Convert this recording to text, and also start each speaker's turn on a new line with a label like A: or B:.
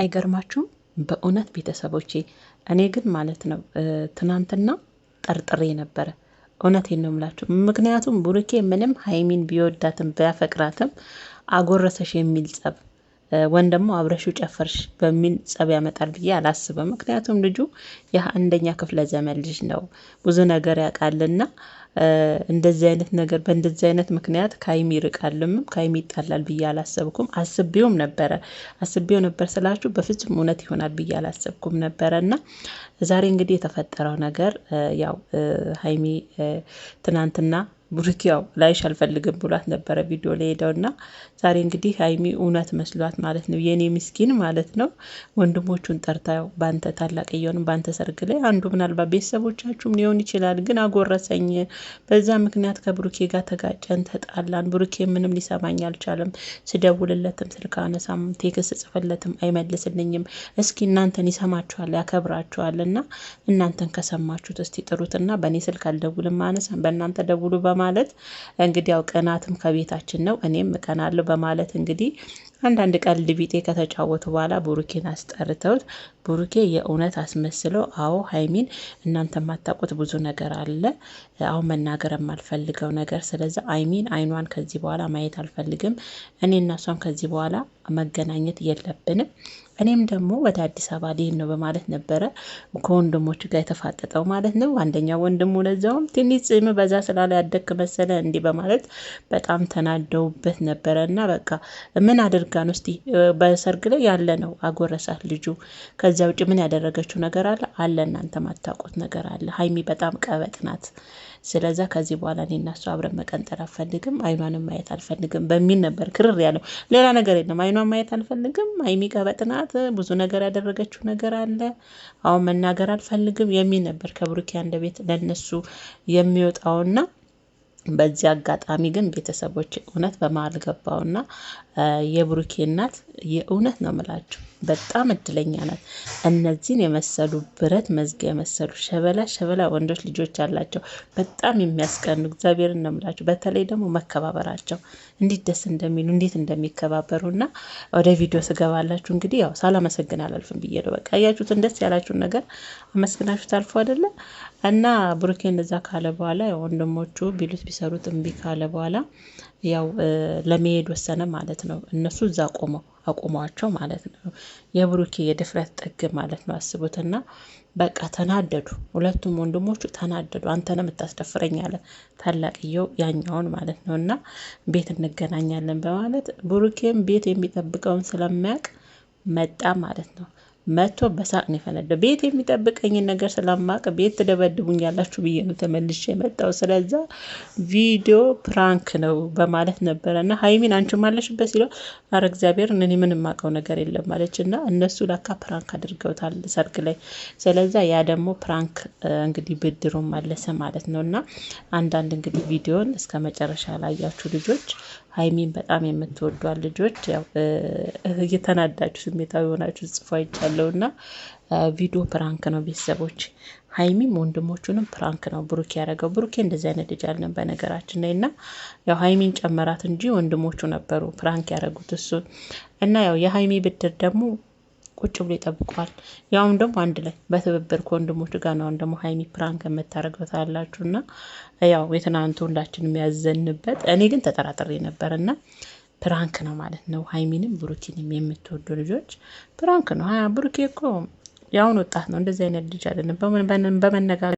A: አይገርማችሁም? በእውነት ቤተሰቦቼ እኔ ግን ማለት ነው ትናንትና ጠርጥሬ ነበረ። እውነቴን ነው የምላችሁ። ምክንያቱም ቡሩኬ ምንም ሀይሚን ቢወዳትም ቢያፈቅራትም አጎረሰሽ የሚል ጸብ ወይም ደግሞ አብረሹ ጨፈርሽ በሚል ጸብ ያመጣል ብዬ አላስብም። ምክንያቱም ልጁ የአንደኛ ክፍለ ዘመን ልጅ ነው፣ ብዙ ነገር ያውቃልና እንደዚህ አይነት ነገር በእንደዚህ አይነት ምክንያት ከሀይሚ ይርቃልም ከሀይሚ ይጣላል ብዬ አላሰብኩም። አስቤውም ነበረ አስቤው ነበር ስላችሁ በፍጹም እውነት ይሆናል ብዬ አላሰብኩም ነበረ እና ዛሬ እንግዲህ የተፈጠረው ነገር ያው ሀይሚ ትናንትና ብሩክ ያው ላይሽ አልፈልግም ብሏት ነበረ ቪዲዮ ላይ ሄደውና፣ ዛሬ እንግዲህ ሀይሚ እውነት መስሏት ማለት ነው የኔ ምስኪን ማለት ነው ወንድሞቹን ጠርታ ያው በአንተ ታላቅ እየሆንም በአንተ ሰርግ ላይ አንዱ ምናልባት ቤተሰቦቻችሁም ሊሆን ይችላል፣ ግን አጎረሰኝ፣ በዛ ምክንያት ከብሩኬ ጋር ተጋጨን፣ ተጣላን፣ ብሩኬ ምንም ሊሰማኝ አልቻለም፣ ስደውልለትም፣ ስልክ አነሳም፣ ቴክስ ጽፍለትም አይመልስልኝም። እስኪ እናንተን ይሰማችኋል፣ ያከብራችኋል እና እናንተን ከሰማችሁት እስቲ ጥሩትና በእኔ ስልክ አልደውልም አነሳም በእናንተ ደውሉ በማለት እንግዲህ ያው ቅናትም ከቤታችን ነው እኔም እቀናለሁ በማለት እንግዲህ አንዳንድ ቀልድ ቢጤ ከተጫወቱ በኋላ ቡሩኪን አስጠርተውት ብሩኬ የእውነት አስመስለው አዎ ሀይሚን እናንተ የማታውቁት ብዙ ነገር አለ። አሁን መናገር የማልፈልገው ነገር ስለዚ አይሚን አይኗን ከዚህ በኋላ ማየት አልፈልግም። እኔ እናሷን ከዚህ በኋላ መገናኘት የለብንም። እኔም ደግሞ ወደ አዲስ አበባ ሊሄድ ነው በማለት ነበረ ከወንድሞቹ ጋር የተፋጠጠው ማለት ነው። አንደኛው ወንድሙ ለዛውም ትንሽ ጽም በዛ ስላለ ያደክ መሰለ እንዲህ በማለት በጣም ተናደውበት ነበረ። እና በቃ ምን አድርጋን ውስጥ በሰርግ ላይ ያለ ነው አጎረሳት ልጁ ከዚያ ውጭ ምን ያደረገችው ነገር አለ አለ እናንተ ማታውቁት ነገር አለ። ሀይሚ በጣም ቀበጥ ናት። ስለዛ ከዚህ በኋላ እኔ እና እሱ አብረን መቀንጠር አልፈልግም፣ አይኗንም ማየት አልፈልግም በሚል ነበር ክርር ያለው። ሌላ ነገር የለም። አይኗን ማየት አልፈልግም፣ ሀይሚ ቀበጥ ናት፣ ብዙ ነገር ያደረገችው ነገር አለ፣ አሁን መናገር አልፈልግም የሚል ነበር ከብሩኪ አንደበት ለነሱ የሚወጣውና በዚህ አጋጣሚ ግን ቤተሰቦች እውነት በማል ገባውና የብሩኬ እናት የእውነት ነው ምላችሁ በጣም እድለኛ ናት። እነዚህን የመሰሉ ብረት መዝጊያ የመሰሉ ሸበላ ሸበላ ወንዶች ልጆች አላቸው። በጣም የሚያስቀኑ እግዚአብሔርን ነው የምላቸው። በተለይ ደግሞ መከባበራቸው እንዴት ደስ እንደሚሉ እንዴት እንደሚከባበሩ እና ወደ ቪዲዮ ስገባላችሁ እንግዲህ ያው ሳላመሰግን አላልፍም ብዬ ነው። በቃ እያችሁትን ደስ ያላችሁን ነገር አመስግናችሁ ታልፎ አይደለ እና ብሩኬ እንደዛ ካለ በኋላ ወንድሞቹ ቢሉት ቢሰሩት እምቢ ካለ በኋላ ያው ለመሄድ ወሰነ ማለት ነው። እነሱ እዛ ቆመው አቁሟቸው ማለት ነው። የብሩኬ የድፍረት ጥግ ማለት ነው። አስቡትና በቃ ተናደዱ። ሁለቱም ወንድሞቹ ተናደዱ። አንተ ነው የምታስደፍረኝ አለ ታላቅየው ያኛውን ማለት ነው። እና ቤት እንገናኛለን በማለት ብሩኬም ቤት የሚጠብቀውን ስለሚያውቅ መጣ ማለት ነው። መጥቶ በሳቅ ነው የፈነደው። ቤት የሚጠብቀኝን ነገር ስለማቅ ቤት ያላችሁ ብዬ ነው ተመልሼ የመጣው። ስለዛ ቪዲዮ ፕራንክ ነው በማለት ነበረ እና ሀይሚን አንቺ ማለሽበት ሲለው አረ እግዚአብሔር እኔ ምን ማቀው ነገር የለም ማለች እና እነሱ ላካ ፕራንክ አድርገውታል ሰርግ ላይ። ስለዛ ያ ደግሞ ፕራንክ እንግዲህ ብድሩ ማለሰ ማለት ነው እና አንዳንድ እንግዲህ ቪዲዮን እስከ መጨረሻ ላያችሁ ልጆች ሀይሚን በጣም የምትወዷል ልጆች ያው እየተናዳችሁ ስሜታዊ የሆናችሁ ጽፎ አይቻለ አለው እና ቪዲዮ ፕራንክ ነው ቤተሰቦች። ሀይሚም ወንድሞቹንም ፕራንክ ነው ብሩክ ያደረገው። ብሩኬ እንደዚህ አይነት ልጅ አለን በነገራችን ላይ እና ያው ሀይሚን ጨመራት እንጂ ወንድሞቹ ነበሩ ፕራንክ ያደረጉት እሱ እና ያው የሀይሚ ብድር ደግሞ ቁጭ ብሎ ይጠብቋል። ያውም ደግሞ አንድ ላይ በትብብር ከወንድሞቹ ጋር ነው። ደግሞ ሀይሚ ፕራንክ የምታደርገው ታላችሁ እና ያው የትናንቱ ሁላችን የሚያዘንበት እኔ ግን ተጠራጥሬ ነበር እና ፕራንክ ነው ማለት ነው። ሀይሚንም ብሩኪንም የምትወዱ ልጆች ፕራንክ ነው። ብሩኪ እኮ የአሁን ወጣት ነው። እንደዚህ አይነት ልጅ አይደለም በመነጋገር